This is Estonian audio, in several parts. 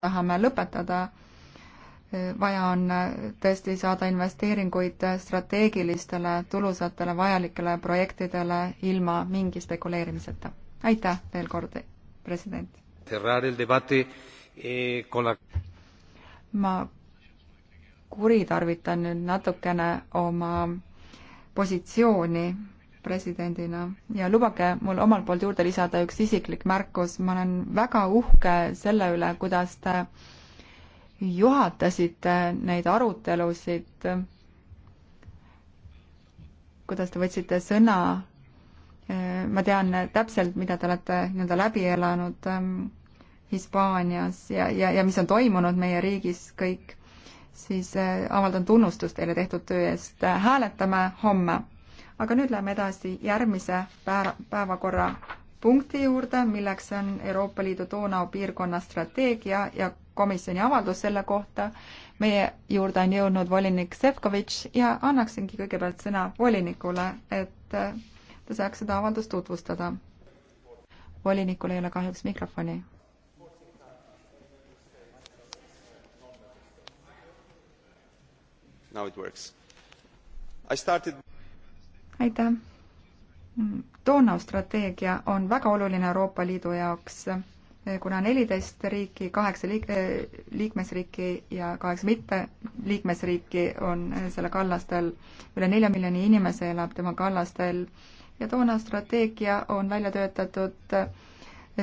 tahame lõpetada, vaja on tõesti saada investeeringuid strateegilistele, tulusatele, vajalikele projektidele ilma mingi spekuleerimiseta. aitäh veel kord, president! Eh, ma kuritarvitan nüüd natukene oma positsiooni presidendina ja lubage mul omalt poolt juurde lisada üks isiklik märkus, ma olen väga uhke selle üle, kuidas te juhatasite neid arutelusid, kuidas te võtsite sõna, ma tean täpselt, mida te olete nii-öelda läbi elanud ähm, Hispaanias ja, ja, ja mis on toimunud meie riigis kõik, siis äh, avaldan tunnustust teile tehtud töö eest, hääletame homme aga nüüd läheme edasi järgmise päevakorra punkti juurde, milleks on Euroopa Liidu Donau piirkonna strateegia ja komisjoni avaldus selle kohta. meie juurde on jõudnud volinik Sefkovitš ja annaksingi kõigepealt sõna volinikule, et äh, ta saaks seda avaldust tutvustada. volinikul ei ole kahjuks mikrofoni. Now it works. I started aitäh! Donau strateegia on väga oluline Euroopa Liidu jaoks, kuna neliteist riiki, kaheksa liik-, liikmesriiki ja kaheksa mitte liikmesriiki on selle kallastel, üle nelja miljoni inimese elab tema kallastel ja Donau strateegia on välja töötatud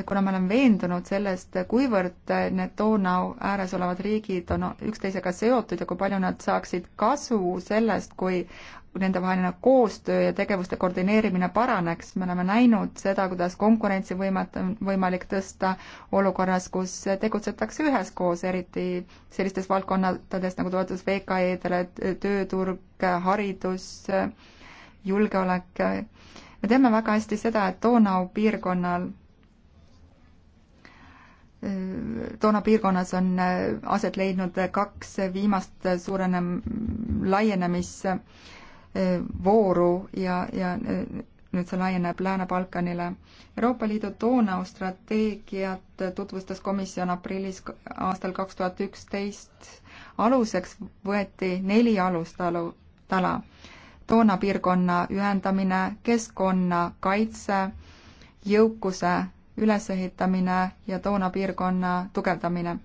kuna me oleme veendunud sellest, kuivõrd need Donau ääres olevad riigid on üksteisega seotud ja kui palju nad saaksid kasu sellest, kui nendevaheline koostöö ja tegevuste koordineerimine paraneks, me oleme näinud seda, kuidas konkurentsivõimet on võimalik tõsta olukorras, kus tegutsetakse üheskoos, eriti sellistes valdkondades nagu toetus VKE-dele, tööturg, haridus, julgeolek. me teame väga hästi seda, et Donau piirkonnal toona piirkonnas on äh, aset leidnud äh, kaks viimast äh, suurenem-, laienemisvooru ja, ja nüüd see laieneb Lääne-Balkanile. Euroopa Liidu Donau strateegiat tutvustas komisjon aprillis aastal kaks tuhat üksteist. aluseks võeti neli alustalu, tala. Donau piirkonna ühendamine, keskkonna kaitse, jõukuse ülesehitamine ja toona piirkonna tugevdamine.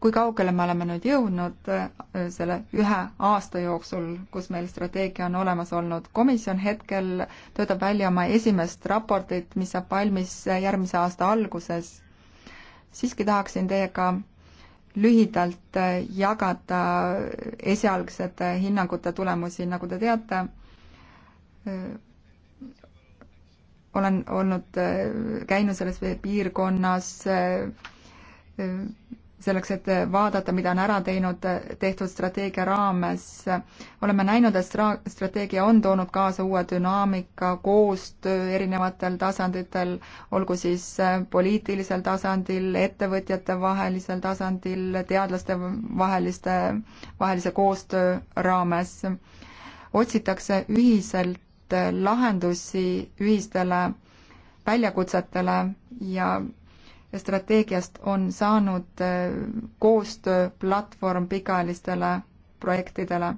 kui kaugele me oleme nüüd jõudnud äh, selle ühe aasta jooksul, kus meil strateegia on olemas olnud? komisjon hetkel töötab välja oma esimest raportit, mis saab valmis järgmise aasta alguses. siiski tahaksin teiega lühidalt äh, jagada esialgsete hinnangute tulemusi, nagu te teate, äh, olen olnud, äh, käinud selles piirkonnas äh, äh, selleks, et vaadata, mida on ära teinud, tehtud strateegia raames. oleme näinud, et stra-, strateegia on toonud kaasa uue dünaamika, koostöö erinevatel tasanditel, olgu siis poliitilisel tasandil, ettevõtjate vahelisel tasandil, teadlaste vaheliste, vahelise koostöö raames. otsitakse ühiselt et lahendusi ühistele väljakutsetele ja strateegiast on saanud äh, koostööplatvorm pikaajalistele projektidele.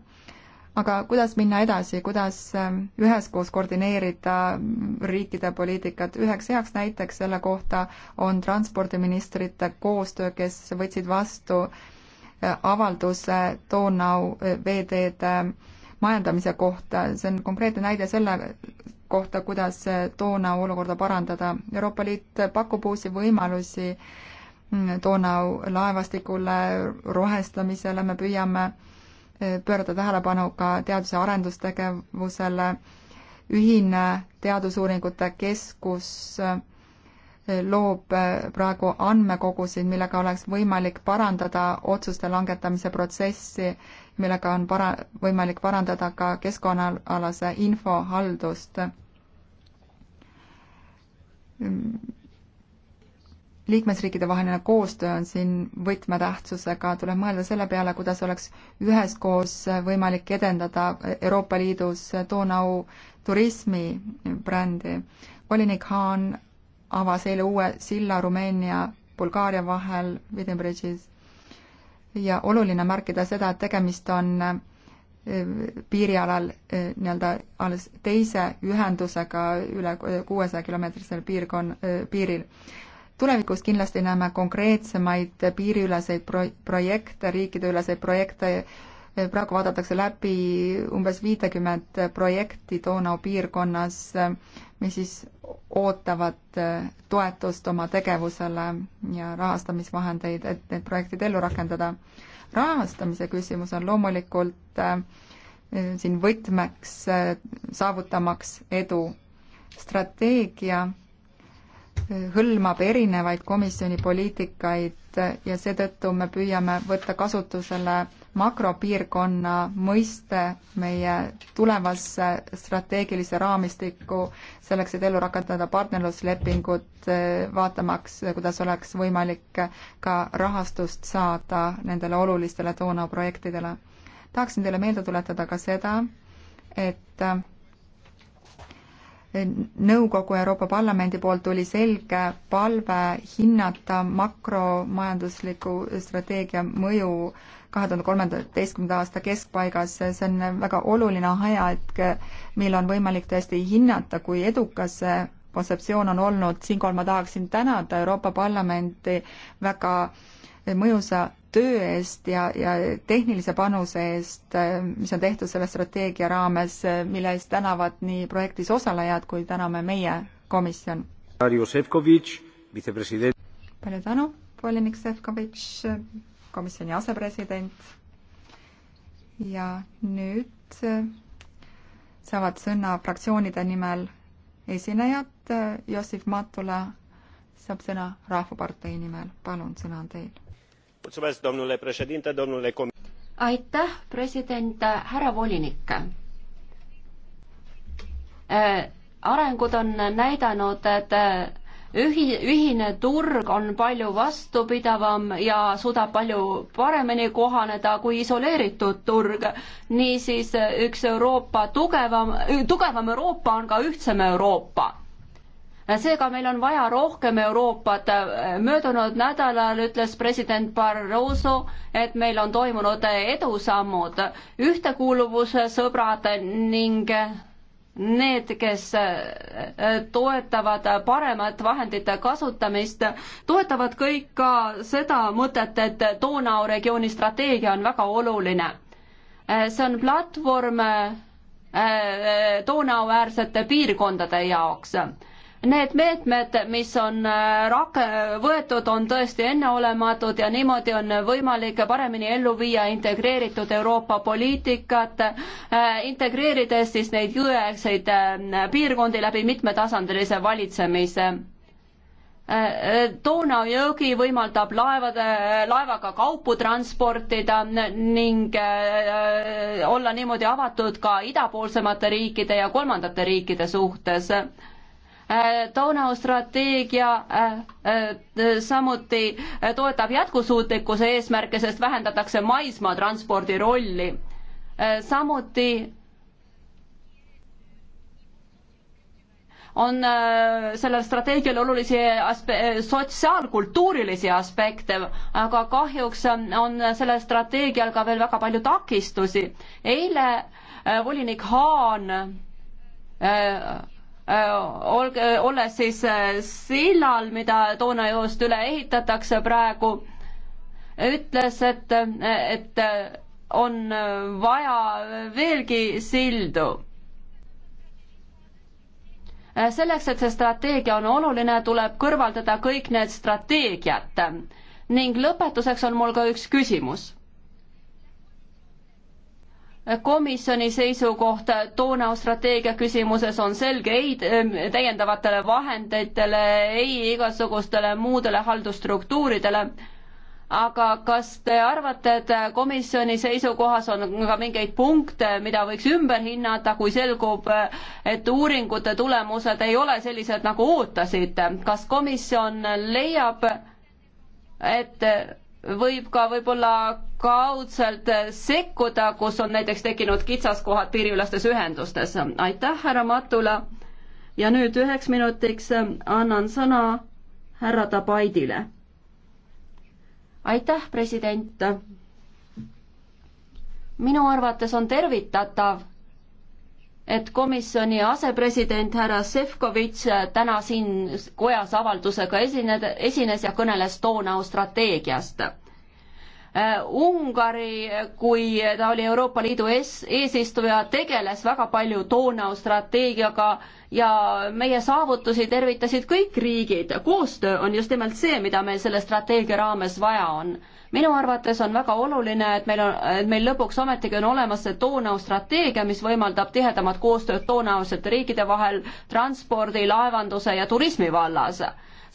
aga kuidas minna edasi, kuidas ähm, üheskoos koordineerida mm, riikide poliitikat, üheks heaks näiteks selle kohta on transpordiministrite koostöö, kes võtsid vastu äh, avalduse Donau äh, veeteede majandamise kohta, see on konkreetne näide selle kohta, kuidas toona olukorda parandada. Euroopa Liit pakub uusi võimalusi toona laevastikule, rohestamisele, me püüame eh, pöörata tähelepanu ka teadus- ja arendustegevusele, ühine teadusuuringute keskus eh, loob eh, praegu andmekogusid, millega oleks võimalik parandada otsuste langetamise protsessi millega on para-, võimalik parandada ka keskkonnaalase info haldust. liikmesriikide vaheline koostöö on siin võtmetähtsusega, tuleb mõelda selle peale, kuidas oleks üheskoos võimalik edendada Euroopa Liidus Donau turismi brändi. volinik Haan avas eile uue silla Rumeenia, Bulgaaria vahel Vidinbridžis ja oluline märkida seda, et tegemist on äh, piirialal äh, nii-öelda alles teise ühendusega üle kuuesaja kilomeetrisel piirkon-, äh, piiril. tulevikus kindlasti näeme konkreetsemaid piiriüleseid pro-, projekte, riikideüleseid projekte, praegu vaadatakse läbi umbes viitekümmet projekti Donau piirkonnas, mis siis ootavad toetust oma tegevusele ja rahastamisvahendeid, et need projektid ellu rakendada. rahastamise küsimus on loomulikult äh, siin võtmeks äh, saavutamaks edu. strateegia hõlmab erinevaid komisjoni poliitikaid ja seetõttu me püüame võtta kasutusele makropiirkonna mõiste meie tulevasse strateegilise raamistikku, selleks et ellu rakendada partnerluslepingut, vaatamaks, kuidas oleks võimalik ka rahastust saada nendele olulistele toona projektidele. tahaksin teile meelde tuletada ka seda, et nõukogu Euroopa Parlamendi poolt tuli selge palve hinnata makromajandusliku strateegia mõju kahe tuhande kolmeteistkümnenda aasta keskpaigas, see on väga oluline ajahetk, mil on võimalik tõesti hinnata, kui edukas see kontseptsioon on olnud, siinkohal ma tahaksin tänada Euroopa Parlamenti väga äh, mõjusa töö eest ja, ja tehnilise panuse eest, äh, mis on tehtud selle strateegia raames, äh, mille eest tänavad nii projektis osalejad kui täname meie komisjon. palju tänu, volinik Sefkovitš, komisjoni asepresident. ja nüüd äh, saavad sõna fraktsioonide nimel esinejad, Jossif Matula saab sõna Rahvapartei nimel, palun, sõna on teil aitäh, president, härra volinik äh,. arengud on näidanud, et äh, ühi-, ühine turg on palju vastupidavam ja suudab palju paremini kohaneda kui isoleeritud turg. niisiis üks Euroopa tugevam, tugevam Euroopa on ka ühtsem Euroopa seega meil on vaja rohkem Euroopat. möödunud nädalal ütles president Barroso, et meil on toimunud edusammud, ühtekuuluvussõbrad ning need, kes toetavad paremat vahendite kasutamist, toetavad kõik ka seda mõtet, et Donau regiooni strateegia on väga oluline. see on platvorm eh, eh, Donau-äärsete piirkondade jaoks Need meetmed, mis on äh, rak-, võetud, on tõesti enneolematud ja niimoodi on võimalik paremini ellu viia integreeritud Euroopa poliitikat, äh, integreerides siis neid jõeäärseid äh, piirkondi läbi mitmetasandilise valitsemise Donau jõgi võimaldab laevade, laevaga kaupu transportida ning olla niimoodi avatud ka idapoolsemate riikide ja kolmandate riikide suhtes Äh, Donau strateegia äh, äh, samuti toetab jätkusuutlikkuse eesmärke, sest vähendatakse maismaatranspordi rolli. samuti on sellel strateegial olulisi aspe-, sotsiaalkultuurilisi aspekte, aga kahjuks on sellel strateegial ka veel väga palju takistusi. eile volinik Haan Äh, olge, äh, olles siis äh, sillal, mida Doonajoost üle ehitatakse praegu, ütles, et, et on vaja veelgi sildu. selleks, et see strateegia on oluline, tuleb kõrvaldada kõik need strateegiad. ning lõpetuseks on mul ka üks küsimus komisjoni seisukoht toona strateegia küsimuses on selge, ei täiendavatele vahenditele, ei igasugustele muudele haldusstruktuuridele. aga kas te arvate, et komisjoni seisukohas on ka mingeid punkte, mida võiks ümber hinnata, kui selgub, et uuringute tulemused ei ole sellised, nagu ootasite, kas komisjon leiab, et võib ka võib-olla kaudselt sekkuda, kus on näiteks tekkinud kitsaskohad piiriülestes ühendustes. aitäh, härra Matula. ja nüüd üheks minutiks annan sõna härra Tabaidile. aitäh, president. minu arvates on tervitatav et komisjoni asepresident härra Sefkovitš täna siin kojas avaldusega esined, esines ja kõneles Donau strateegiast. Äh, Ungari, kui ta oli Euroopa Liidu ees, eesistuja, tegeles väga palju Donau strateegiaga ja meie saavutusi tervitasid kõik riigid. koostöö on just nimelt see, mida meil selle strateegia raames vaja on minu arvates on väga oluline, et meil on, et meil lõpuks ometigi on olemas see Donau strateegia, mis võimaldab tihedamat koostööd Donausete riikide vahel transpordi, laevanduse ja turismi vallas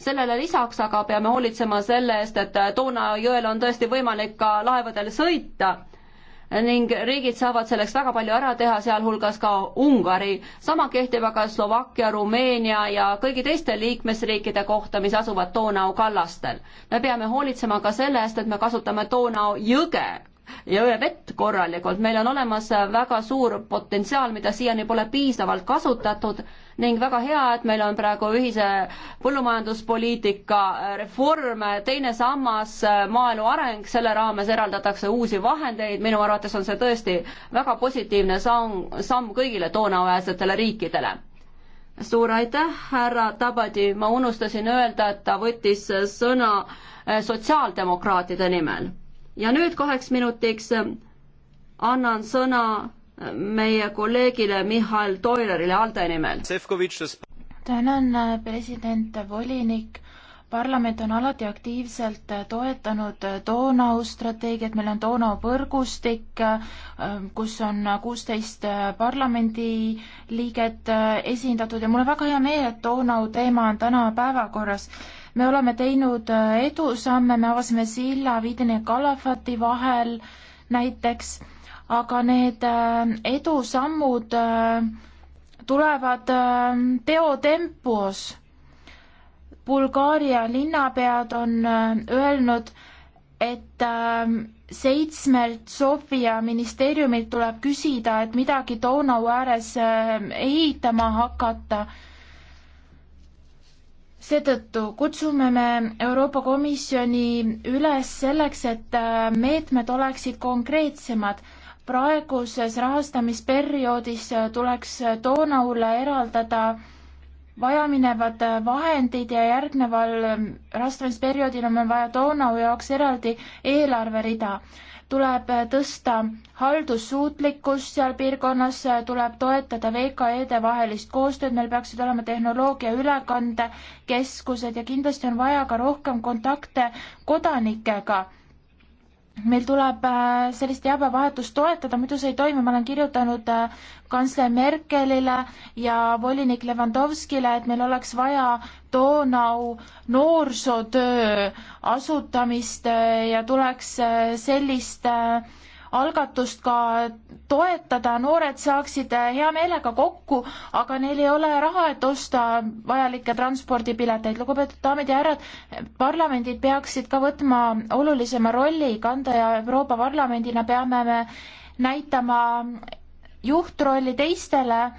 sellele lisaks aga peame hoolitsema selle eest, et Donau jõel on tõesti võimalik ka laevadel sõita ning riigid saavad selleks väga palju ära teha, sealhulgas ka Ungari. sama kehtib aga Slovakkia, Rumeenia ja kõigi teiste liikmesriikide kohta, mis asuvad Donau kallastel. me peame hoolitsema ka selle eest, et me kasutame Donau jõge jõevett korralikult. meil on olemas väga suur potentsiaal, mida siiani pole piisavalt kasutatud ning väga hea, et meil on praegu ühise põllumajanduspoliitika reform, teine sammas, maaelu areng, selle raames eraldatakse uusi vahendeid, minu arvates on see tõesti väga positiivne samm, samm kõigile toonaväärsetele riikidele suur aitäh, härra Tabadi, ma unustasin öelda, et ta võttis sõna eh, sotsiaaldemokraatide nimel ja nüüd kaheks minutiks äh, annan sõna äh, meie kolleegile Mihhail Toilerile ALDE nimel. tänan, äh, president, volinik. parlament on alati aktiivselt toetanud Donau strateegiat, meil on Donau võrgustik, kus on kuusteist parlamendiliiget esindatud ja mul on väga hea meel, et Donau teema on täna päevakorras me oleme teinud äh, edusamme, me avasime silla Vidini ja Kalafati vahel näiteks, aga need äh, edusammud äh, tulevad teotempos. Bulgaaria linnapead on öelnud, et seitsmelt Sofia ministeeriumilt tuleb küsida, et midagi Donau ääres ehitama hakata seetõttu kutsume me Euroopa Komisjoni üles selleks, et äh, meetmed oleksid konkreetsemad. praeguses rahastamisperioodis äh, tuleks äh, Donaule eraldada vajaminevad vahendid ja järgneval rahastamisperioodil on meil vaja Donau jaoks eraldi eelarverida tuleb tõsta haldussuutlikkust seal piirkonnas, tuleb toetada VKE-de vahelist koostööd, meil peaksid olema tehnoloogia ülekandekeskused ja kindlasti on vaja ka rohkem kontakte kodanikega meil tuleb äh, sellist teabevahetust toetada, muidu see ei toimi, ma olen kirjutanud äh, kantsler Merkelile ja volinik Levandovskile, et meil oleks vaja Donau noorsootöö asutamist äh, ja tuleks sellist äh, algatust ka toetada, noored saaksid hea meelega kokku, aga neil ei ole raha, et osta vajalikke transpordipileteid. lugupeetud daamid ja härrad, parlamendid peaksid ka võtma olulisema rolli kanda ja Euroopa Parlamendina peame me näitama juhtrolli teistele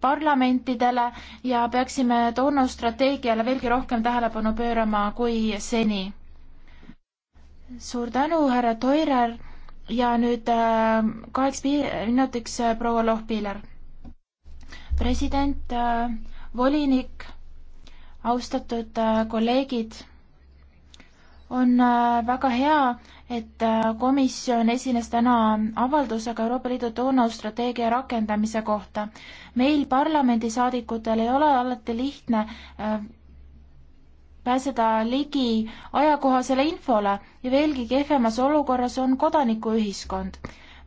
parlamentidele ja peaksime toona strateegiale veelgi rohkem tähelepanu pöörama kui seni. suur tänu, härra Toirer ja nüüd äh, kaheks minutiks äh, proua Lohpiiler. president, äh, volinik, austatud kolleegid, on väga hea, et komisjon esines täna avaldusega Euroopa Liidu toonaustrateegia rakendamise kohta. meil parlamendisaadikutel ei ole alati lihtne pääseda ligi ajakohasele infole ja veelgi kehvemas olukorras on kodanikuühiskond.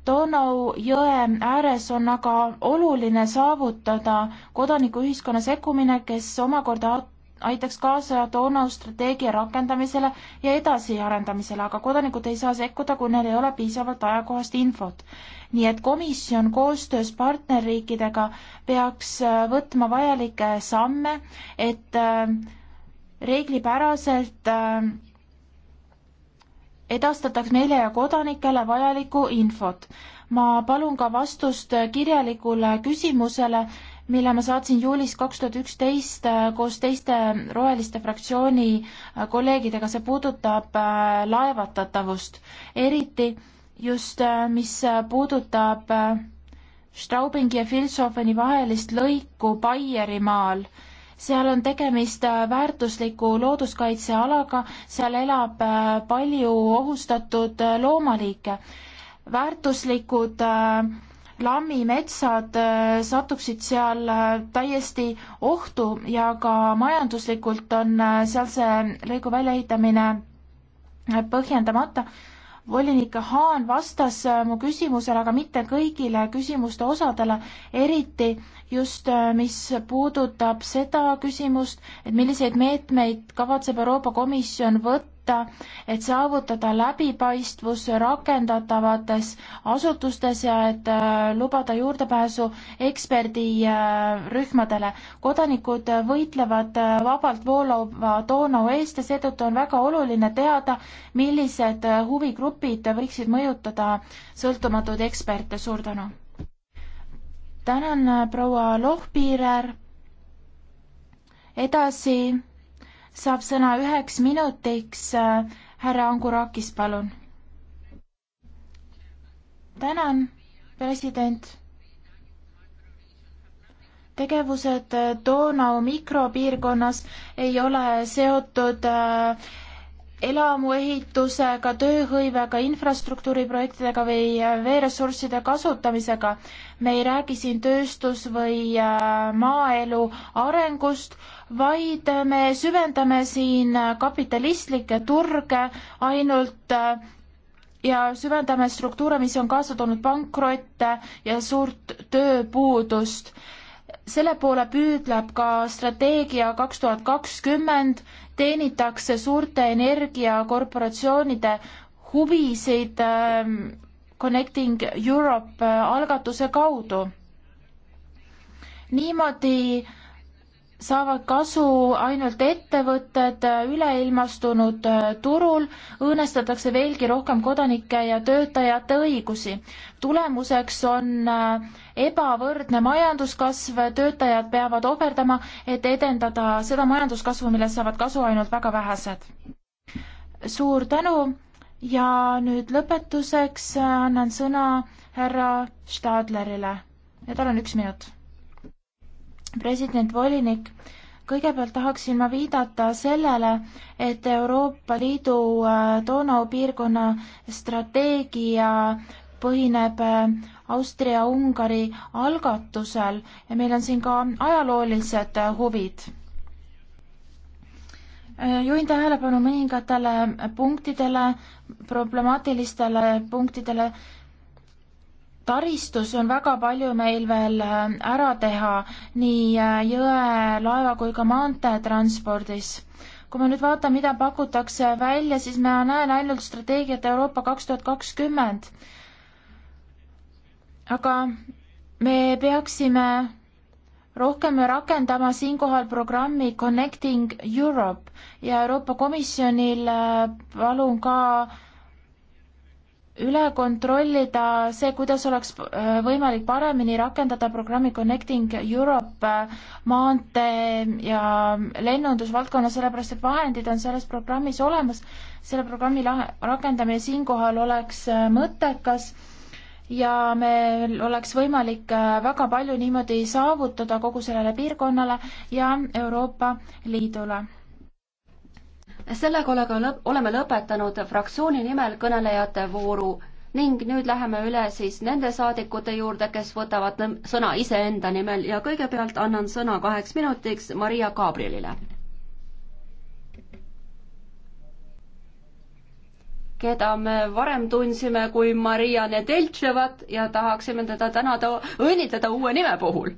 Donau jõe ääres on aga oluline saavutada kodanikuühiskonna sekkumine, kes omakorda aitaks kaasa Donau strateegia rakendamisele ja edasiarendamisele, aga kodanikud ei saa sekkuda, kui neil ei ole piisavalt ajakohast infot. nii et komisjon koostöös partnerriikidega peaks äh, võtma vajalikke samme, et äh, reeglipäraselt äh, edastataks meile ja kodanikele vajalikku infot. ma palun ka vastust kirjalikule küsimusele, mille ma saatsin juulis kaks tuhat üksteist äh, koos teiste Roheliste fraktsiooni äh, kolleegidega, see puudutab laevatatavust, eriti just, mis puudutab Straubingi ja Filsofeni vahelist lõiku Baierimaal seal on tegemist äh, väärtusliku looduskaitsealaga, seal elab äh, palju ohustatud äh, loomaliike. väärtuslikud lammimetsad satuksid seal täiesti ohtu ja ka majanduslikult on seal see lõigu väljaehitamine põhjendamata volinik Haan vastas äh, mu küsimusele, aga mitte kõigile küsimuste osadele, eriti just, äh, mis puudutab seda küsimust, et milliseid meetmeid kavatseb Euroopa Komisjon võtta võtta, et saavutada läbipaistvus rakendatavates asutustes ja et äh, lubada juurdepääsu eksperdirühmadele. kodanikud võitlevad äh, vabalt voolava toona eest ja seetõttu on väga oluline teada, millised äh, huvigrupid võiksid mõjutada sõltumatuid eksperte. suur tänu! tänan, proua Lohpiirer. edasi saab sõna üheks minutiks äh, härra Angurakis, palun. tänan, president tegevused äh, Donau mikropiirkonnas ei ole seotud äh, elamuehitusega, tööhõivega, infrastruktuuriprojektidega või veeressursside kasutamisega. me ei räägi siin tööstus- või maaelu arengust, vaid me süvendame siin kapitalistlikke turge ainult äh, ja süvendame struktuure, mis on kaasa toonud pankrotte ja suurt tööpuudust. selle poole püüdleb ka strateegia kaks tuhat kakskümmend, teenitakse suurte energiakorporatsioonide huvisid äh, Connecting Europe äh, algatuse kaudu. niimoodi äh, saavad kasu ainult ettevõtted üleilmastunud äh, turul, õõnestatakse veelgi rohkem kodanike ja töötajate õigusi. tulemuseks on äh, ebavõrdne majanduskasv, töötajad peavad ohverdama, et edendada seda majanduskasvu, millest saavad kasu ainult väga vähesed. suur tänu ja nüüd lõpetuseks äh, annan sõna härra Stadlerile ja tal on üks minut president volinik, kõigepealt tahaksin ma viidata sellele, et Euroopa Liidu äh, Donau piirkonna strateegia põhineb äh, Austria-Ungari algatusel ja meil on siin ka ajaloolised äh, huvid. juhin tähelepanu mõningatele punktidele, problemaatilistele punktidele, taristus on väga palju meil veel äh, ära teha nii äh, jõe, laeva kui ka maanteetranspordis. kui ma nüüd vaatan, mida pakutakse välja, siis ma näen ainult strateegiat Euroopa kaks tuhat kakskümmend. aga me peaksime rohkem rakendama siinkohal programmi Connecting Europe ja Euroopa Komisjonil äh, palun ka üle kontrollida see, kuidas oleks äh, võimalik paremini rakendada programmi Connecting Europe äh, maantee ja lennundusvaldkonna, sellepärast et vahendid on selles programmis olemas. selle programmi rakendamine siinkohal oleks äh, mõttekas ja meil oleks võimalik väga palju niimoodi saavutada kogu sellele piirkonnale ja Euroopa Liidule sellega olega lõp-, oleme lõpetanud fraktsiooni nimel kõnelejate vooru ning nüüd läheme üle siis nende saadikute juurde, kes võtavad sõna iseenda nimel ja kõigepealt annan sõna kaheks minutiks Maria Gabrielile. keda me varem tundsime kui Maria Nedeltševat ja tahaksime teda tänada, õnnitleda uue nime puhul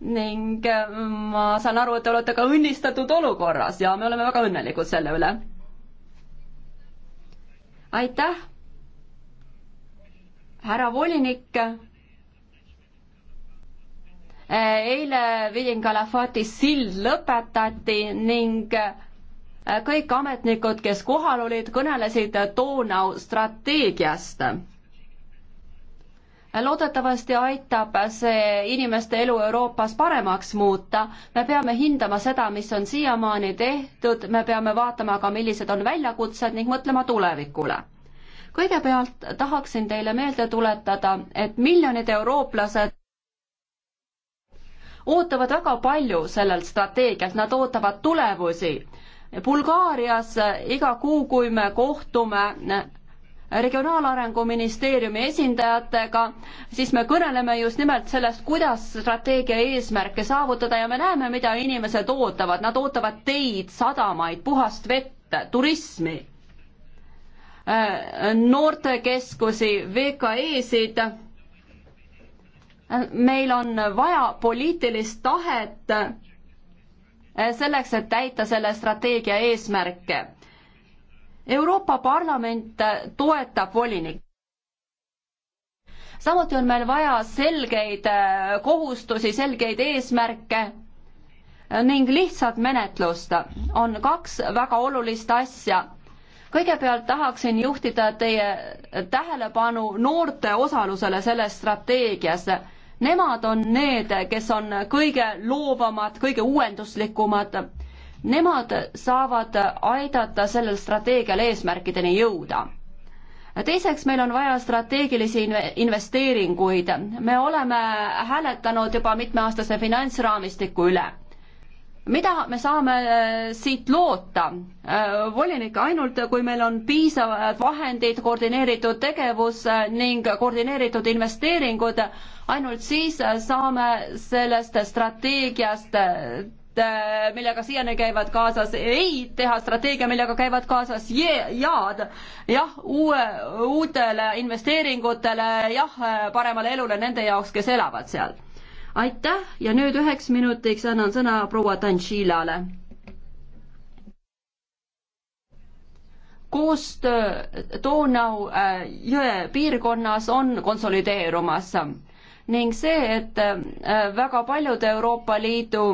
ning äh, ma saan aru, et te olete ka õnnistatud olukorras ja me oleme väga õnnelikud selle üle. aitäh. härra volinik. Äh, eile Vidin Kalafati sild lõpetati ning äh, kõik ametnikud, kes kohal olid, kõnelesid Donau strateegiast loodetavasti aitab see inimeste elu Euroopas paremaks muuta. me peame hindama seda, mis on siiamaani tehtud, me peame vaatama ka, millised on väljakutsed ning mõtlema tulevikule kõigepealt tahaksin teile meelde tuletada, et miljonid eurooplased ootavad väga palju sellelt strateegialt, nad ootavad tulevusi. Bulgaarias iga kuu, kui me kohtume regionaalarengu ministeeriumi esindajatega, siis me kõneleme just nimelt sellest, kuidas strateegia eesmärke saavutada ja me näeme, mida inimesed ootavad, nad ootavad teid, sadamaid, puhast vett, turismi, äh, noortekeskusi, VKE-sid. meil on vaja poliitilist tahet äh, selleks, et täita selle strateegia eesmärke Euroopa Parlament toetab volinik samuti on meil vaja selgeid äh, kohustusi, selgeid eesmärke ning lihtsat menetlust. on kaks väga olulist asja. kõigepealt tahaksin juhtida teie tähelepanu noorte osalusele selles strateegias. Nemad on need, kes on kõige loovamad, kõige uuenduslikumad nemad saavad aidata sellel strateegial eesmärkideni jõuda. teiseks, meil on vaja strateegilisi investeeringuid. me oleme hääletanud juba mitmeaastase finantsraamistiku üle mida me saame äh, siit loota? Äh, volinik, ainult kui meil on piisavad vahendid, koordineeritud tegevus äh, ning koordineeritud investeeringud, ainult siis saame sellest strateegiast Äh, millega siiani käivad kaasas ei, teha strateegia, millega käivad kaasas je-, jaad. jah, uue, uutele investeeringutele, jah, äh, paremale elule nende jaoks, kes elavad seal. aitäh ja nüüd üheks minutiks annan sõna proua Tantšilale. koostöö Donau äh, jõe piirkonnas on konsolideerumas ning see, et väga paljud Euroopa Liidu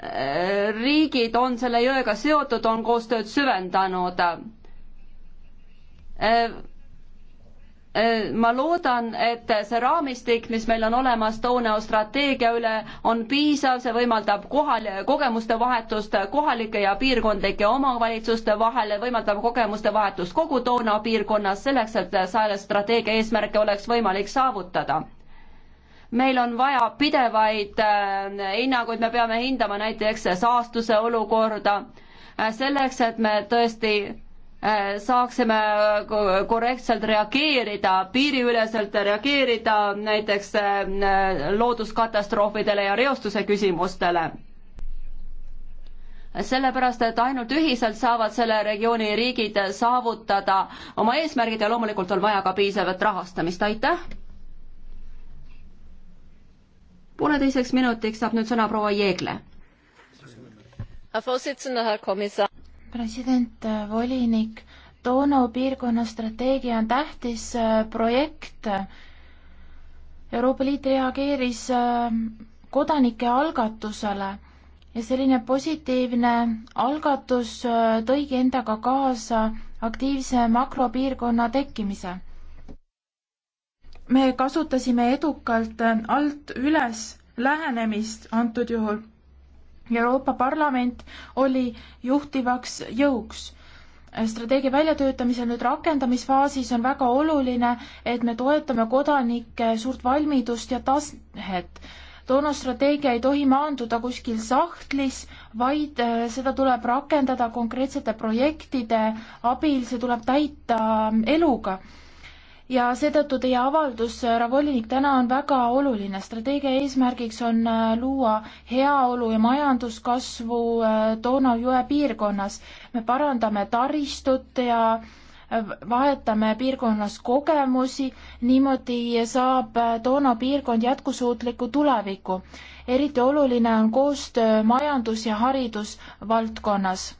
riigid on selle jõega seotud, on koostööd süvendanud. Äh, äh, ma loodan, et see raamistik, mis meil on olemas Donau strateegia üle, on piisav, see võimaldab kohal, kogemuste vahetust kohalike ja piirkondlike omavalitsuste vahel, võimaldab kogemuste vahetust kogu Donau piirkonnas selleks, et selle strateegia eesmärke oleks võimalik saavutada meil on vaja pidevaid äh, hinnanguid, me peame hindama näiteks saastuse olukorda, äh, selleks, et me tõesti äh, saaksime korrektselt reageerida, piiriüleselt reageerida näiteks looduskatastroofidele ja reostuse küsimustele. sellepärast, et ainult ühiselt saavad selle regiooni riigid saavutada oma eesmärgid ja loomulikult on vaja ka piisavat rahastamist, aitäh! pooleteiseks minutiks saab nüüd sõna proua Jeegle. president, äh, volinik, Toono piirkonna strateegia on tähtis äh, projekt. Euroopa Liit reageeris äh, kodanike algatusele ja selline positiivne algatus tõigi endaga kaasa aktiivse makropiirkonna tekkimise me kasutasime edukalt alt üles lähenemist antud juhul. Euroopa Parlament oli juhtivaks jõuks. strateegia väljatöötamisel nüüd rakendamisfaasis on väga oluline, et me toetame kodanike suurt valmidust ja tahet. toona strateegia ei tohi maanduda kuskil sahtlis, vaid äh, seda tuleb rakendada konkreetsete projektide abil, see tuleb täita eluga ja seetõttu teie avaldus, äh, härra volinik, täna on väga oluline. strateegia eesmärgiks on äh, luua heaolu ja majanduskasvu äh, Donau jõe piirkonnas. me parandame taristut ja vahetame piirkonnas kogemusi, niimoodi saab Donau piirkond jätkusuutliku tuleviku. eriti oluline on koostöö majandus- ja haridusvaldkonnas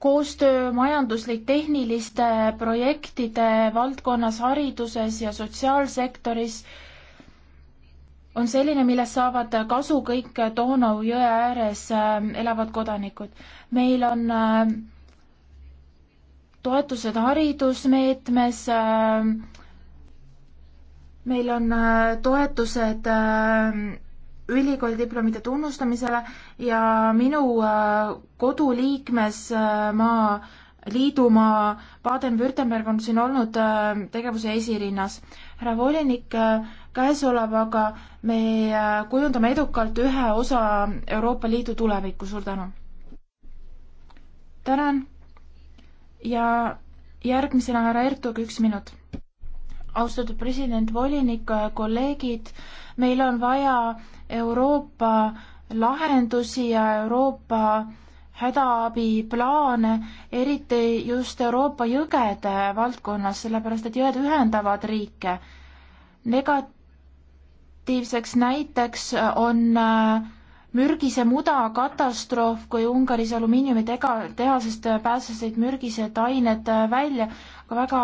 koostöö majanduslik-tehniliste projektide valdkonnas hariduses ja sotsiaalsektoris on selline, millest saavad kasu kõik Donau jõe ääres äh, elavad kodanikud. meil on äh, toetused haridusmeetmes, äh, meil on toetused ülikoolidiplomite tunnustamisele ja minu äh, koduliikmes äh, ma liidumaa Baden-Württemberg on siin olnud äh, tegevuse esirinnas. härra volinik, käesolevaga me kujundame edukalt ühe osa Euroopa Liidu tulevikku, suur tänu! tänan ja järgmisena härra Ertug, üks minut austatud president, volinik, kolleegid, meil on vaja Euroopa lahendusi ja Euroopa hädaabiplaane, eriti just Euroopa jõgede valdkonnas, sellepärast et jõed ühendavad riike. negatiivseks näiteks on äh, mürgise muda katastroof, kui Ungaris alumiiniumitehasest pääsesid mürgised ained välja, aga väga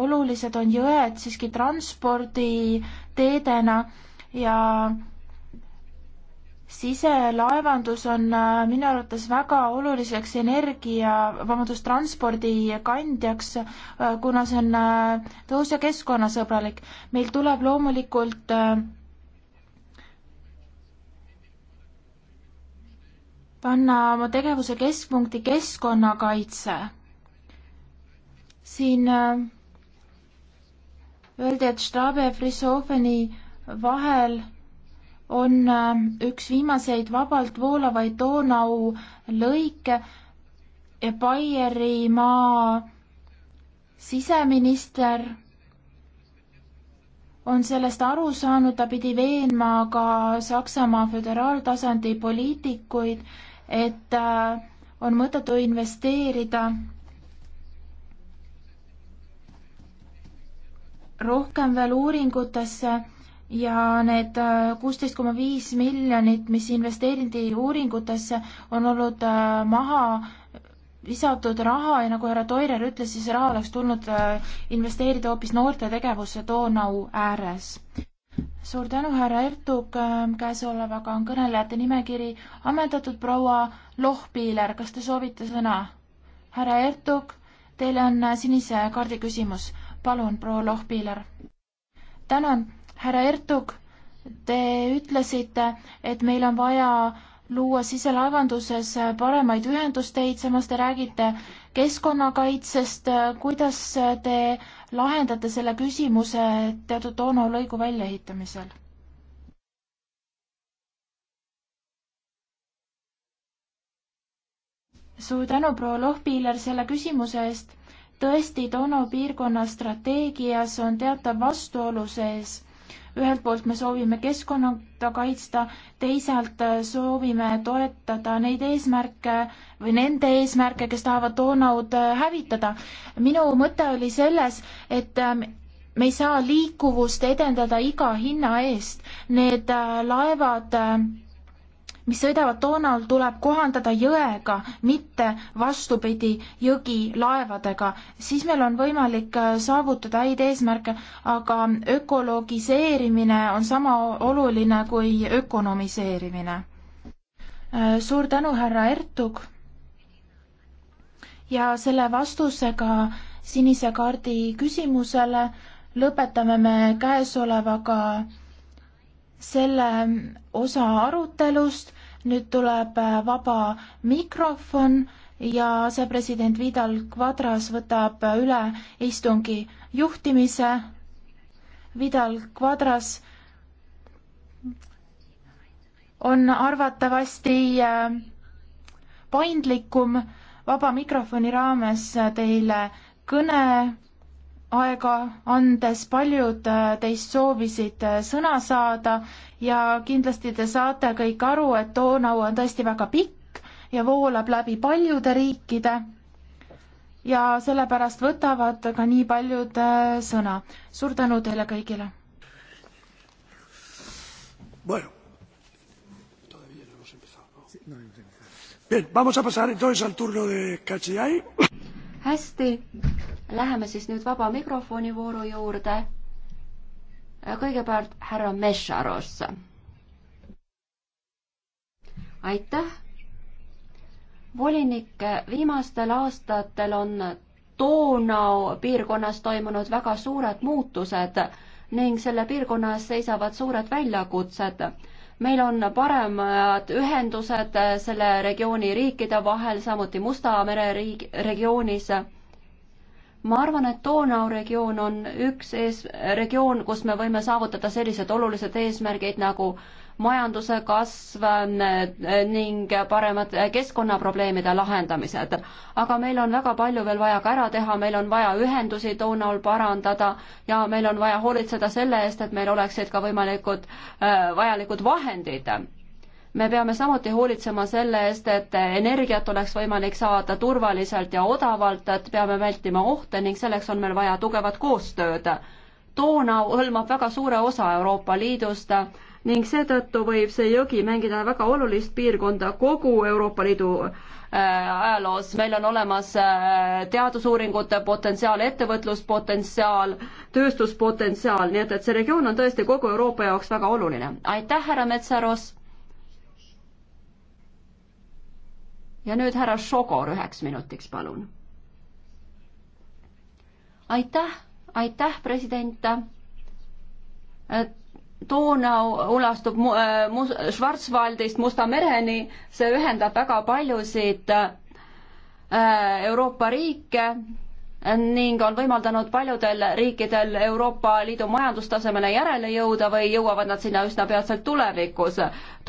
olulised on jõed siiski transporditeedena ja siselaevandus on äh, minu arvates väga oluliseks energia, vabandust, transpordi kandjaks, äh, kuna see on äh, tõhus ja keskkonnasõbralik. meil tuleb loomulikult äh, panna oma tegevuse keskpunkti keskkonnakaitse. siin äh, öeldi, et Stabe ja Frisofeni vahel on äh, üks viimaseid vabalt voolavaid Donau lõike ja Baierimaa siseminister on sellest aru saanud, ta pidi veenma ka Saksamaa föderaaltasandi poliitikuid, et äh, on mõttetu investeerida rohkem veel uuringutesse ja need äh, kuusteist koma viis miljonit, mis investeeriti uuringutesse, on olnud äh, maha lisatud raha ja nagu härra Toirer ütles, siis raha oleks tulnud äh, investeerida hoopis noorte tegevusse Donau ääres. suur tänu, härra Ertug, äh, käesolevaga on kõnelejate nimekiri ammendatud, proua Lohpiiler, kas te soovite sõna? härra Ertug, teil on äh, sinise kaardi küsimus, palun, proua Lohpiiler. tänan, härra Ertug, te ütlesite, et meil on vaja luua siselaevanduses paremaid ühendusteid, samas te räägite keskkonnakaitsest, kuidas te lahendate selle küsimuse teatud Toono lõigu väljaehitamisel? suur tänu, proua Lohpiiler, selle küsimuse eest. tõesti, Toono piirkonna strateegias on teatav vastuolu sees ühelt poolt me soovime keskkonda kaitsta, teisalt äh, soovime toetada neid eesmärke või nende eesmärke, kes tahavad Donaud äh, hävitada. minu mõte oli selles, et ähm, me ei saa liikuvust edendada iga hinna eest. Need äh, laevad mis sõidavad toonal, tuleb kohandada jõega, mitte vastupidi, jõgi laevadega. siis meil on võimalik äh, saavutada häid eesmärke, aga ökoloogiseerimine on sama oluline kui ökonomiseerimine. Äh, suur tänu, härra Ertug! ja selle vastusega sinise kaardi küsimusele lõpetame me käesolevaga selle osa arutelust. nüüd tuleb äh, vaba mikrofon ja asepresident Vidal Quadras võtab äh, üle istungi juhtimise. Vidal Quadras on arvatavasti äh, paindlikum vaba mikrofoni raames teile kõne aega andes, paljud äh, teist soovisid äh, sõna saada ja kindlasti te saate kõik aru, et Donau on tõesti väga pikk ja voolab läbi paljude riikide ja sellepärast võtavad ka nii paljud äh, sõna. suur tänu teile kõigile! Bueno, todavía no hemos empezado, ¿no? Sí, no hemos empezado. Bien, vamos a pasar entonces al turno de Cachiay. Hästi, Läheme siis nüüd vaba mikrofoni vooru juurde. kõigepealt härra Mešaros. aitäh. volinik, viimastel aastatel on Donau piirkonnas toimunud väga suured muutused ning selle piirkonna ees seisavad suured väljakutsed. meil on paremad ühendused selle regiooni riikide vahel, samuti Musta mere riik, regioonis ma arvan, et Donau regioon on üks ees, regioon, kus me võime saavutada sellised olulised eesmärgid nagu majanduse kasv äh, ning paremad äh, keskkonnaprobleemide lahendamised. aga meil on väga palju veel vaja ka ära teha, meil on vaja ühendusi Donaul parandada ja meil on vaja hoolitseda selle eest, et meil oleksid ka võimalikud äh, vajalikud vahendid me peame samuti hoolitsema selle eest, et energiat oleks võimalik saada turvaliselt ja odavalt, et peame vältima ohte ning selleks on meil vaja tugevat koostööd. toona hõlmab väga suure osa Euroopa Liidust ning seetõttu võib see jõgi mängida väga olulist piirkonda kogu Euroopa Liidu äh, ajaloos, meil on olemas äh, teadusuuringute potentsiaal, ettevõtluspotentsiaal, tööstuspotentsiaal, nii et, et see regioon on tõesti kogu Euroopa jaoks väga oluline. aitäh, härra Metsaros! ja nüüd härra Šogor üheks minutiks, palun. aitäh, aitäh, president. Donau ulastub äh, mu-, Schwarzwaldist Musta mereni, see ühendab väga paljusid äh, Euroopa riike ning on võimaldanud paljudel riikidel Euroopa Liidu majandustasemele järele jõuda või jõuavad nad sinna üsna peatselt tulevikus.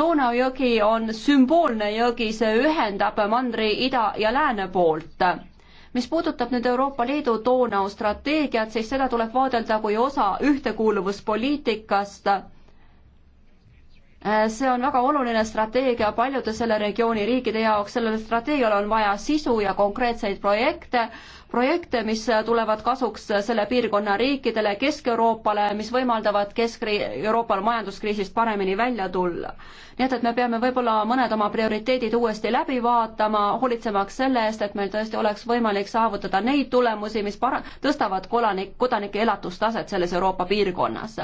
Donau jõgi on sümboolne jõgi, see ühendab mandri ida ja lääne poolt mis puudutab nüüd Euroopa Liidu Donau strateegiat, siis seda tuleb vaadelda kui osa ühtekuuluvuspoliitikast Äh, see on väga oluline strateegia paljude selle regiooni riikide jaoks, sellel strateegial on vaja sisu ja konkreetseid projekte, projekte, mis tulevad kasuks selle piirkonna riikidele, Kesk-Euroopale, mis võimaldavad Kesk-Euroopal majanduskriisist paremini välja tulla. nii et, et me peame võib-olla mõned oma prioriteedid uuesti läbi vaatama, hoolitsemaks selle eest, et meil tõesti oleks võimalik saavutada neid tulemusi, mis para-, tõstavad kodanik, kodanike elatustaset selles Euroopa piirkonnas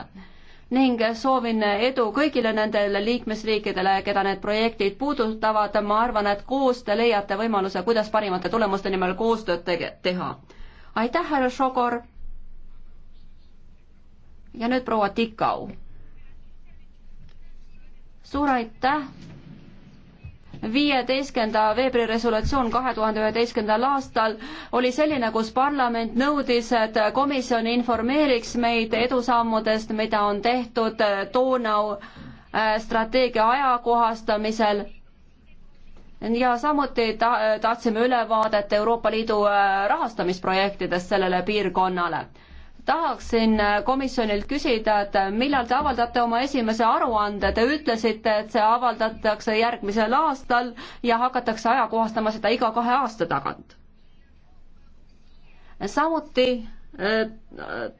ning soovin edu kõigile nendele liikmesriikidele, keda need projektid puudutavad. ma arvan, et koos te leiate võimaluse, kuidas parimate tulemuste nimel koostööd tege-, teha. aitäh, härra Šogor. ja nüüd proua Tikau. suur aitäh viieteistkümnenda veebruari resolutsioon kahe tuhande üheteistkümnendal aastal oli selline, kus parlament nõudis, et komisjon informeeriks meid edusammudest, mida on tehtud Donau äh, strateegia ajakohastamisel ja samuti ta-, tahtsime ülevaadet Euroopa Liidu äh, rahastamisprojektidest sellele piirkonnale tahaksin äh, komisjonilt küsida, et äh, millal te avaldate oma esimese aruande, te ütlesite, et see avaldatakse järgmisel aastal ja hakatakse ajakohastama seda iga kahe aasta tagant. samuti eh,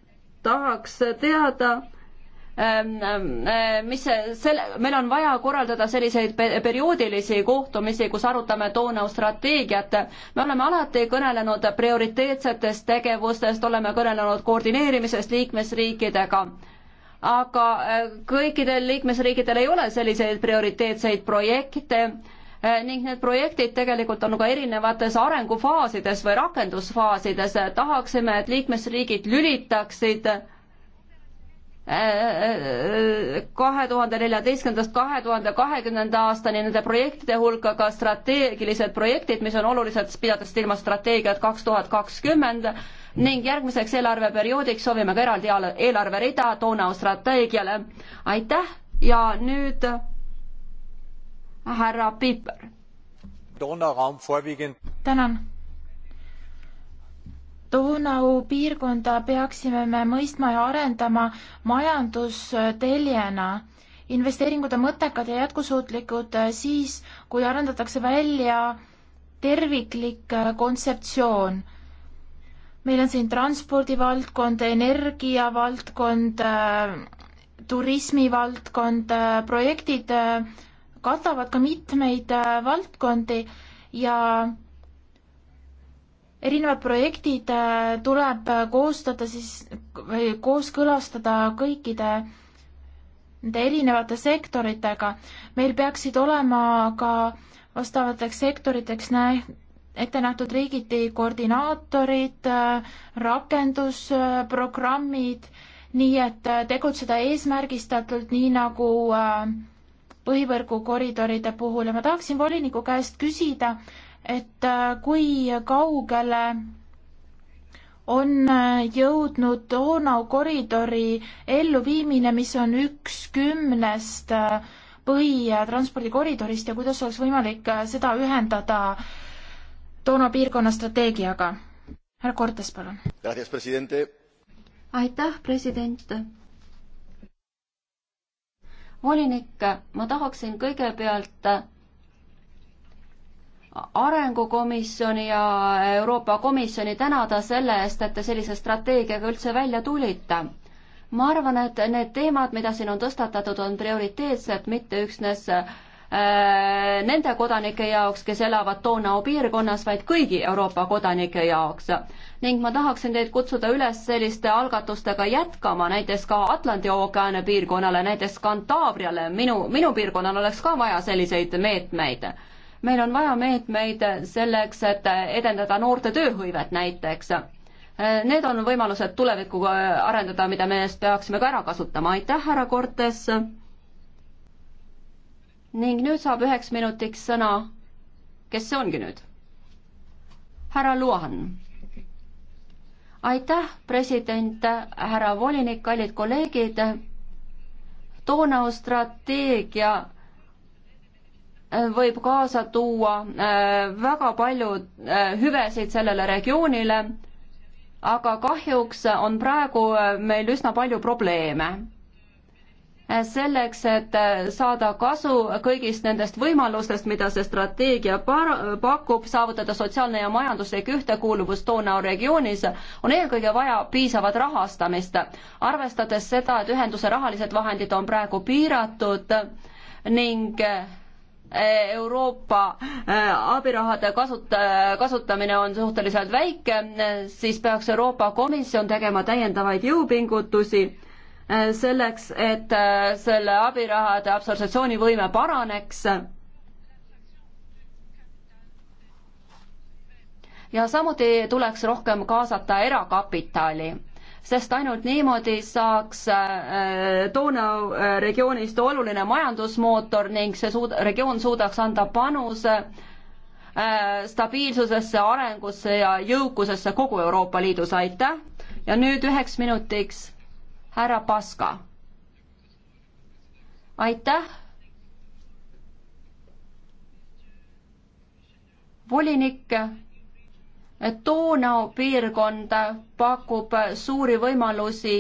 tahaks teada Ähm, ähm, äh, mis selle, meil on vaja korraldada selliseid perioodilisi kohtumisi, kus arutame Donau strateegiat. me oleme alati kõnelenud prioriteetsetest tegevustest, oleme kõnelenud koordineerimisest liikmesriikidega aga äh, kõikidel liikmesriikidel ei ole selliseid prioriteetseid projekte äh, ning need projektid tegelikult on ka erinevates arengufaasides või rakendusfaasides. tahaksime, et liikmesriigid lülitaksid äh, kahe tuhande neljateistkümnendast kahe tuhande kahekümnenda aastani nende projektide hulka ka strateegilised projektid, mis on olulised, pidades silma strateegiat kaks tuhat kakskümmend ning järgmiseks eelarveperioodiks soovime ka eraldi eelarverida Donau strateegiale. aitäh ja nüüd härra Piiper. tänan Donau piirkonda peaksime me mõistma ja arendama majandusteljena. investeeringud on mõttekad ja jätkusuutlikud eh, siis, kui arendatakse välja terviklik eh, kontseptsioon. meil on siin transpordivaldkond, energiavaldkond, eh, turismivaldkond, projektid katavad ka mitmeid valdkondi ja erinevad projektid äh, tuleb koostada siis või kooskõlastada kõikide nende erinevate sektoritega. meil peaksid olema ka vastavateks sektoriteks nä-, ette nähtud riigiti koordinaatorid, äh, rakendusprogrammid, nii et äh, tegutseda eesmärgistatult, nii nagu põhivõrgukoridoride puhul ja ma tahaksin voliniku käest küsida, et äh, kui kaugele on äh, jõudnud Donau koridori elluviimine, mis on üks kümnest äh, põhitranspordikoridorist ja kuidas oleks võimalik seda ühendada Donau piirkonna strateegiaga? härra Cortes, palun. aitäh, president. volinik, ma tahaksin kõigepealt arengukomisjoni ja Euroopa Komisjoni tänada selle eest, et te sellise strateegiaga üldse välja tulite. ma arvan, et need teemad, mida siin on tõstatatud, on prioriteetsed mitte üksnes äh, nende kodanike jaoks, kes elavad Donau piirkonnas, vaid kõigi Euroopa kodanike jaoks. ning ma tahaksin teid kutsuda üles selliste algatustega jätkama, näiteks ka Atlandi ookeani piirkonnale, näiteks Kantaabriale, minu, minu piirkonnal oleks ka vaja selliseid meetmeid meet meil on vaja meetmeid selleks, et edendada noorte tööhõivet näiteks. Need on võimalused tulevikku arendada, mida me peaksime ka ära kasutama. aitäh, härra Cortes. ning nüüd saab üheks minutiks sõna, kes see ongi nüüd? härra Luan. aitäh, president, härra volinik, kallid kolleegid. toona strateegia võib kaasa tuua äh, väga palju äh, hüvesid sellele regioonile, aga kahjuks on praegu äh, meil üsna palju probleeme. selleks, et saada kasu kõigist nendest võimalustest, mida see strateegia par-, pakub, saavutada sotsiaalne ja majanduslik ühtekuuluvus Donau regioonis, on eelkõige vaja piisavat rahastamist. arvestades seda, et ühenduse rahalised vahendid on praegu piiratud ning Euroopa äh, abirahade kasut-, äh, kasutamine on suhteliselt väike, siis peaks Euroopa Komisjon tegema täiendavaid jõupingutusi äh, selleks, et selle abirahade absorptsioonivõime paraneks. ja samuti tuleks rohkem kaasata erakapitali sest ainult niimoodi saaks äh, Donau äh, regioonist oluline majandusmootor ning see suud-, regioon suudaks anda panuse äh, stabiilsusesse, arengusse ja jõukusesse kogu Euroopa Liidus, aitäh! ja nüüd üheks minutiks härra Paska. aitäh! volinik Donau piirkond pakub suuri võimalusi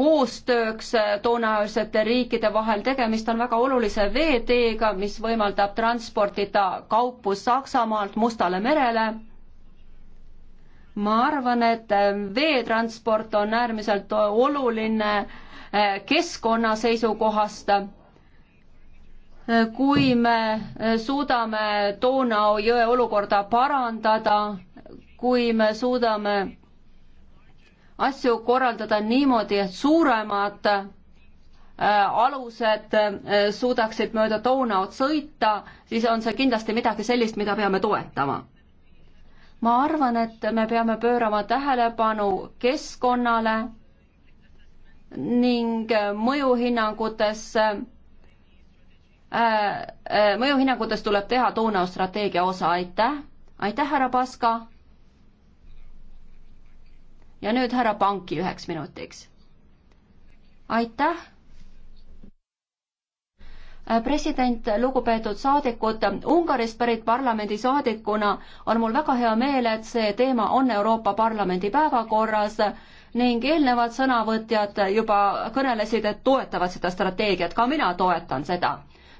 koostööks toonaöösete riikide vahel. tegemist on väga olulise veeteega, mis võimaldab transportida kaupu Saksamaalt Mustale merele. ma arvan, et veetransport on äärmiselt oluline keskkonna seisukohast kui me suudame Donau jõe olukorda parandada, kui me suudame asju korraldada niimoodi, et suuremad äh, alused äh, suudaksid mööda Donaut sõita, siis on see kindlasti midagi sellist, mida peame toetama. ma arvan, et me peame pöörama tähelepanu keskkonnale ning mõjuhinnangutesse, äh, mõjuhinnangutest tuleb teha Donau strateegia osa, aitäh, aitäh, härra Paska ja nüüd härra Panki üheks minutiks. aitäh äh, president, lugupeetud saadikud, Ungarist pärit parlamendisaadikuna on mul väga hea meel, et see teema on Euroopa Parlamendi päevakorras ning eelnevad sõnavõtjad juba kõnelesid, et toetavad seda strateegiat, ka mina toetan seda.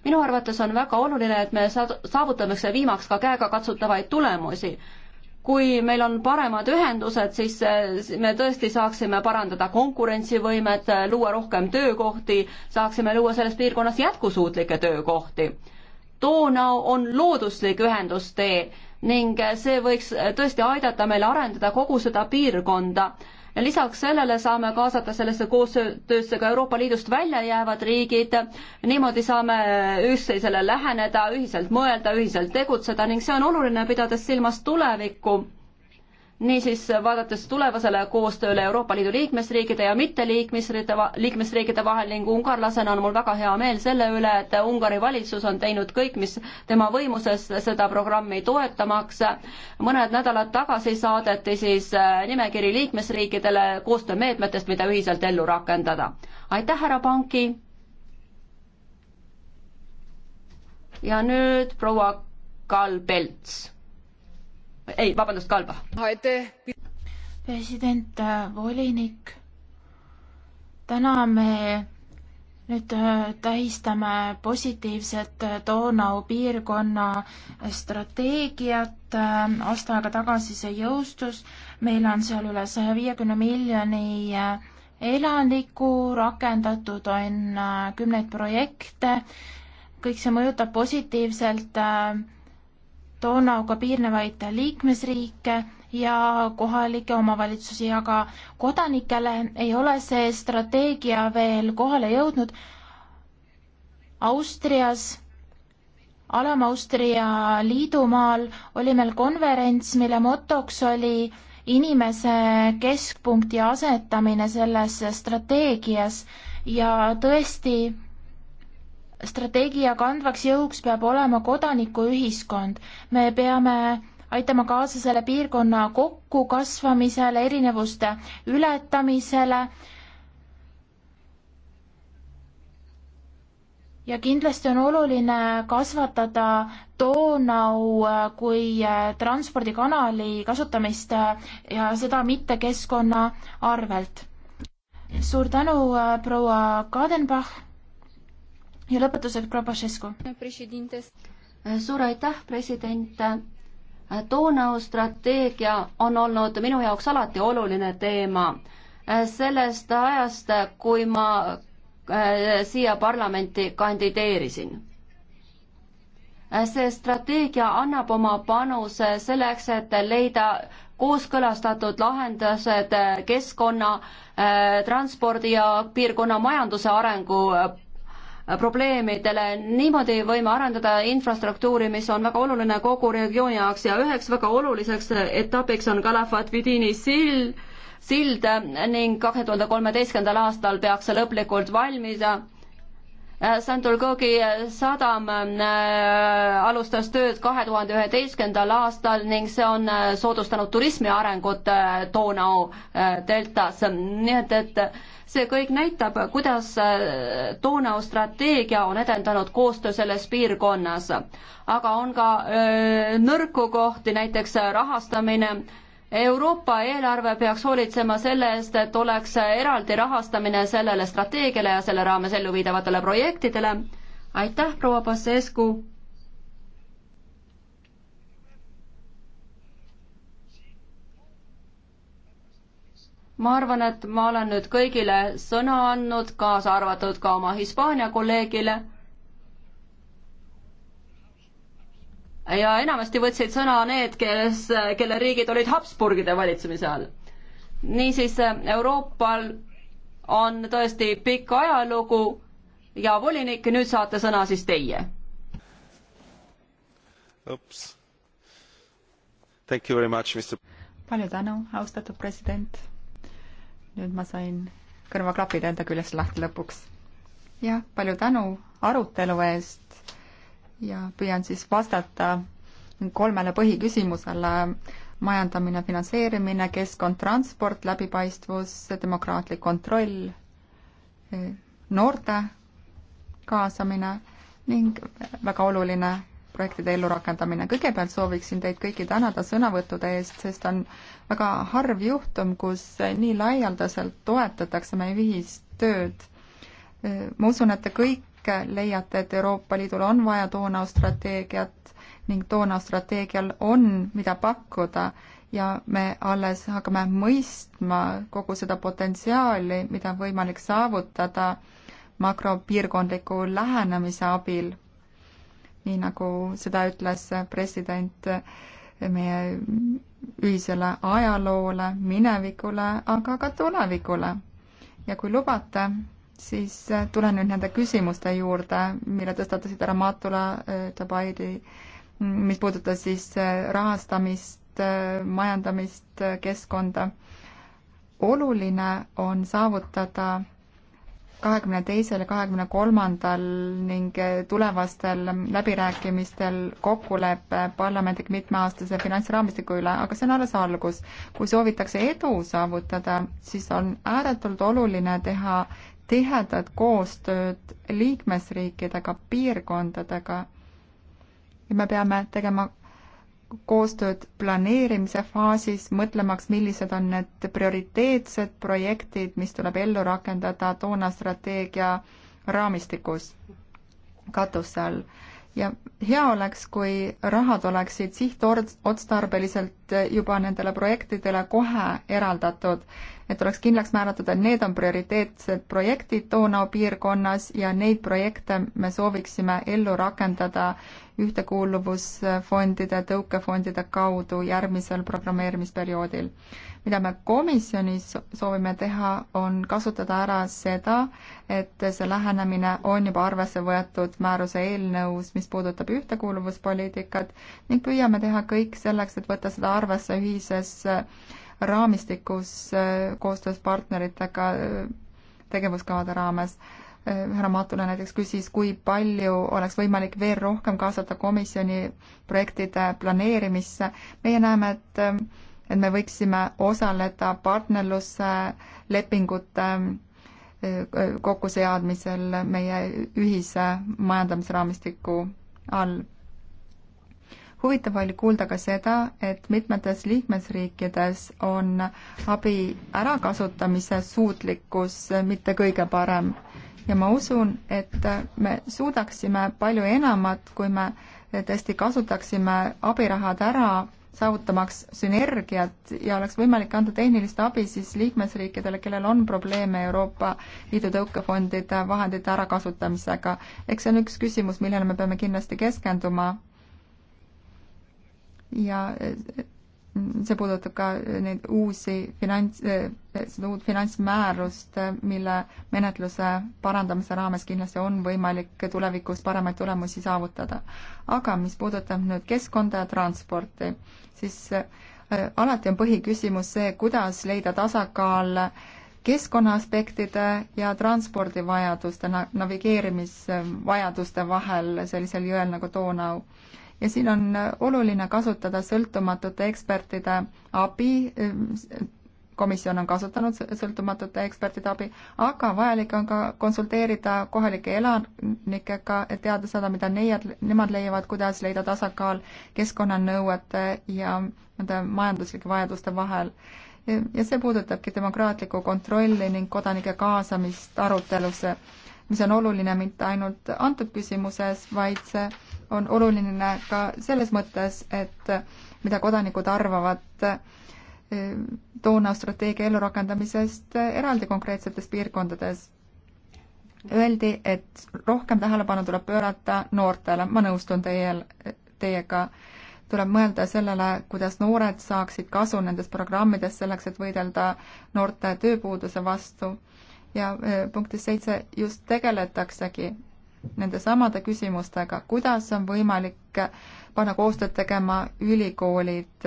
minu arvates on väga oluline, et me saavutame see viimaks ka käegakatsutavaid tulemusi kui meil on paremad ühendused, siis eh, me tõesti saaksime parandada konkurentsivõimet, eh, luua rohkem töökohti, saaksime luua selles piirkonnas jätkusuutlikke töökohti. Donau on looduslik ühendustee ning eh, see võiks tõesti aidata meil arendada kogu seda piirkonda lisaks sellele saame kaasata sellesse koostöösse ka Euroopa Liidust välja jäävad riigid, niimoodi saame üksteisele läheneda, ühiselt mõelda, ühiselt tegutseda ning see on oluline, pidades silmas tulevikku niisiis, vaadates tulevasele koostööle Euroopa Liidu liikmesriikide ja mitteliikmesriikide, liikmesriikide vahel ning ungarlasena on mul väga hea meel selle üle, et Ungari valitsus on teinud kõik, mis tema võimuses seda programmi toetamaks. mõned nädalad tagasi saadeti siis äh, nimekiri liikmesriikidele koostöömeetmetest, mida ühiselt ellu rakendada. aitäh, härra Panki! ja nüüd proua Kalbelts ei, vabandust, Kalba. president, äh, volinik, täna me nüüd äh, tähistame positiivset äh, Donau piirkonna strateegiat, aasta aega tagasi see jõustus, meil on seal üle saja viiekümne miljoni elaniku, rakendatud on kümneid projekte, kõik see mõjutab positiivselt äh, Donauga piirnevaid liikmesriike ja kohalikke omavalitsusi, aga kodanikele ei ole see strateegia veel kohale jõudnud. Austrias, Alam-Austria liidumaal oli meil konverents, mille motoks oli inimese keskpunkti asetamine selles strateegias ja tõesti strateegia kandvaks jõuks peab olema kodanikuühiskond. me peame aitama kaasa selle piirkonna kokkukasvamisele, erinevuste ületamisele. ja kindlasti on oluline kasvatada Doonau äh, kui äh, transpordikanali kasutamist äh, ja seda mitte keskkonna arvelt. suur tänu, proua Kadenbach ja lõpetuseks proua Pašescu. Äh, suur aitäh, president. Äh, Donau strateegia on olnud minu jaoks alati oluline teema. Äh, sellest ajast, kui ma siia parlamenti kandideerisin. see strateegia annab oma panuse selleks, et leida kooskõlastatud lahendused keskkonna, transpordi ja piirkonna majanduse arengu Äh, probleemidele. niimoodi võime arendada infrastruktuuri, mis on väga oluline kogu regiooni jaoks ja üheks väga oluliseks etapiks on Kalafat-Vidini sild, sild ning kahe tuhande kolmeteistkümnendal aastal peaks see lõplikult valmida Äh, Sandulgogi äh, sadam äh, alustas tööd kahe tuhande üheteistkümnendal aastal ning see on soodustanud turismi arengut Donau deltas, nii et, et see kõik näitab, kuidas Donau strateegia on edendanud koostöö selles piirkonnas. aga on ka öö, nõrku kohti, näiteks rahastamine Euroopa eelarve peaks hoolitsema selle eest, et oleks eraldi rahastamine sellele strateegiale ja selle raames elluviidavatele projektidele. aitäh, proua Pasescu. ma arvan, et ma olen nüüd kõigile sõna andnud, kaasa arvatud ka oma Hispaania kolleegile ja enamasti võtsid sõna need, kes, kelle riigid olid Habsburgide valitsemise all. niisiis Euroopal on tõesti pikk ajalugu ja volinik, nüüd saate sõna siis teie. palju tänu, austatud president. nüüd ma sain kõrvaklapid enda küljest lahti lõpuks. jah, palju tänu arutelu eest ja püüan siis vastata kolmele põhiküsimusele, majandamine, finantseerimine, keskkond, transport, läbipaistvus, demokraatlik kontroll, noorte kaasamine ning väga oluline projektide ellurakendamine. kõigepealt sooviksin teid kõiki tänada sõnavõttude eest, sest on väga harv juhtum, kus nii laialdaselt toetatakse meie ühist tööd. ma usun, et te kõik ehk leiate, et Euroopa Liidul on vaja toonastrateegiat ning toonastrateegial on, mida pakkuda ja me alles hakkame mõistma kogu seda potentsiaali, mida on võimalik saavutada makropiirkondliku lähenemise abil. nii nagu seda ütles president meie ühisele ajaloole, minevikule, aga ka tulevikule. ja kui lubate, siis äh, tulen nüüd nende küsimuste juurde, mille tõstatasid härra Matula, äh, Tabaidi, mm, mis puudutas siis äh, rahastamist, majandamist, keskkonda. oluline on saavutada kahekümne teisel ja kahekümne kolmandal ning tulevastel läbirääkimistel kokkulepe parlamendiga mitmeaastase finantsraamistiku üle, aga see on alles algus. kui soovitakse edu saavutada, siis on ääretult oluline teha tihedat koostööd liikmesriikidega, piirkondadega ja me peame tegema koostööd planeerimise faasis, mõtlemaks, millised on need prioriteetsed projektid, mis tuleb ellu rakendada toona strateegia raamistikus, katuse all ja hea oleks, kui rahad oleksid sihtotstarbeliselt juba nendele projektidele kohe eraldatud, et oleks kindlaks määratud, et need on prioriteetsed projektid Donau piirkonnas ja neid projekte me sooviksime ellu rakendada ühtekuuluvusfondide, tõukefondide kaudu järgmisel programmeerimisperioodil mida me komisjonis soovime teha, on kasutada ära seda, et see lähenemine on juba arvesse võetud määruse eelnõus, mis puudutab ühtekuuluvuspoliitikat ning püüame teha kõik selleks, et võtta seda arvesse ühises äh, raamistikus äh, koostöös partneritega äh, tegevuskavade raames härra Matula näiteks küsis, kui palju oleks võimalik veel rohkem kaasata komisjoni projektide planeerimisse. meie näeme, et et me võiksime osaleda partnerluse lepingute äh, kokkuseadmisel meie ühise majandamisraamistiku all. huvitav oli kuulda ka seda, et mitmetes liikmesriikides on abi ärakasutamise suutlikkus mitte kõige parem ja ma usun, et me suudaksime palju enamat, kui me tõesti kasutaksime abirahad ära saavutamaks sünergiat ja oleks võimalik anda tehnilist abi siis liikmesriikidele, kellel on probleeme Euroopa Liidu tõukefondide vahendite ärakasutamisega. eks see on üks küsimus, millele me peame kindlasti keskenduma. ja see puudutab ka neid uusi finants, eh, seda uut finantsmäärust, eh, mille menetluse parandamise raames kindlasti on võimalik tulevikus paremaid tulemusi saavutada. aga mis puudutab nüüd keskkonda ja transporti, siis eh, alati on põhiküsimus see, kuidas leida tasakaal keskkonnaaspektide ja transpordivajaduste, navigeerimisvajaduste vahel sellisel jõel nagu Donau ja siin on oluline kasutada sõltumatute ekspertide abi, komisjon on kasutanud sõltumatute ekspertide abi, aga vajalik on ka konsulteerida kohalike elanikega, et teada saada, mida neiad, nemad leiavad, kuidas leida tasakaal keskkonnanõuete ja nende majanduslike vajaduste vahel. ja see puudutabki demokraatlikku kontrolli ning kodanike kaasamist arutelusse, mis on oluline mitte ainult antud küsimuses, vaid see on oluline ka selles mõttes, et mida kodanikud arvavad eh, toona strateegia ellurakendamisest eraldi konkreetsetes piirkondades. Öeldi, et rohkem tähelepanu tuleb pöörata noortele, ma nõustun teie, teiega, tuleb mõelda sellele, kuidas noored saaksid kasu nendest programmidest selleks, et võidelda noorte tööpuuduse vastu. ja eh, punktis seitse just tegeletaksegi nende samade küsimustega, kuidas on võimalik panna koostööd tegema ülikoolid,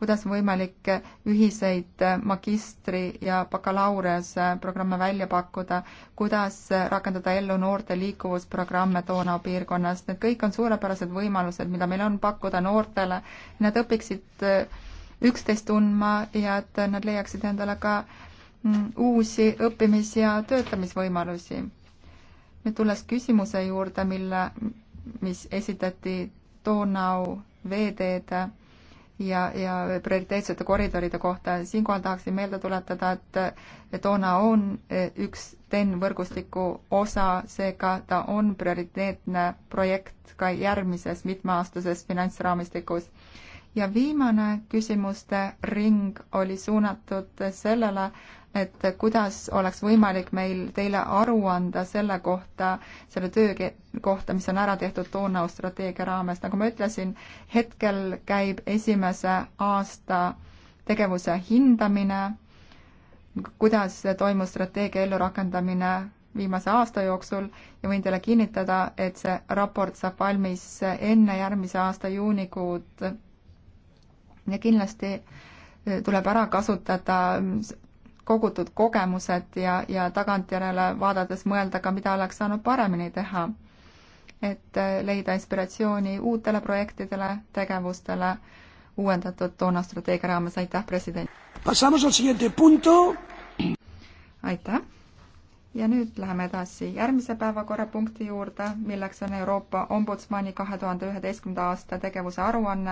kuidas on võimalik ühiseid magistri- ja bakalaureuseprogramme välja pakkuda, kuidas rakendada ellu noorte liikuvusprogramme Donau piirkonnas, need kõik on suurepärased võimalused, mida meil on pakkuda noortele, nad õpiksid äh, üksteist tundma ja et nad leiaksid endale ka mm, uusi õppimis- ja töötamisvõimalusi nüüd tulles küsimuse juurde, mille, mis esitati Donau veeteede ja, ja prioriteetsete koridoride kohta, siinkohal tahaksin meelde tuletada, et Donau on eh, üks TEN võrgustiku osa, seega ta on prioriteetne projekt ka järgmises mitmeaastases finantsraamistikus. ja viimane küsimuste ring oli suunatud sellele, et kuidas oleks võimalik meil teile aru anda selle kohta, selle töö kohta, mis on ära tehtud Donau strateegia raames. nagu ma ütlesin, hetkel käib esimese aasta tegevuse hindamine, kuidas toimus strateegia ellurakendamine viimase aasta jooksul ja võin teile kinnitada, et see raport saab valmis enne järgmise aasta juunikuud. ja kindlasti äh, tuleb ära kasutada kogutud kogemused ja, ja tagantjärele vaadates mõelda ka, mida oleks saanud paremini teha. et äh, leida inspiratsiooni uutele projektidele, tegevustele, uuendatud toona strateegia raames, aitäh, president! aitäh! ja nüüd läheme edasi järgmise päevakorrapunkti juurde, milleks on Euroopa Ombudsmani kahe tuhande üheteistkümnenda aasta tegevuse aruanne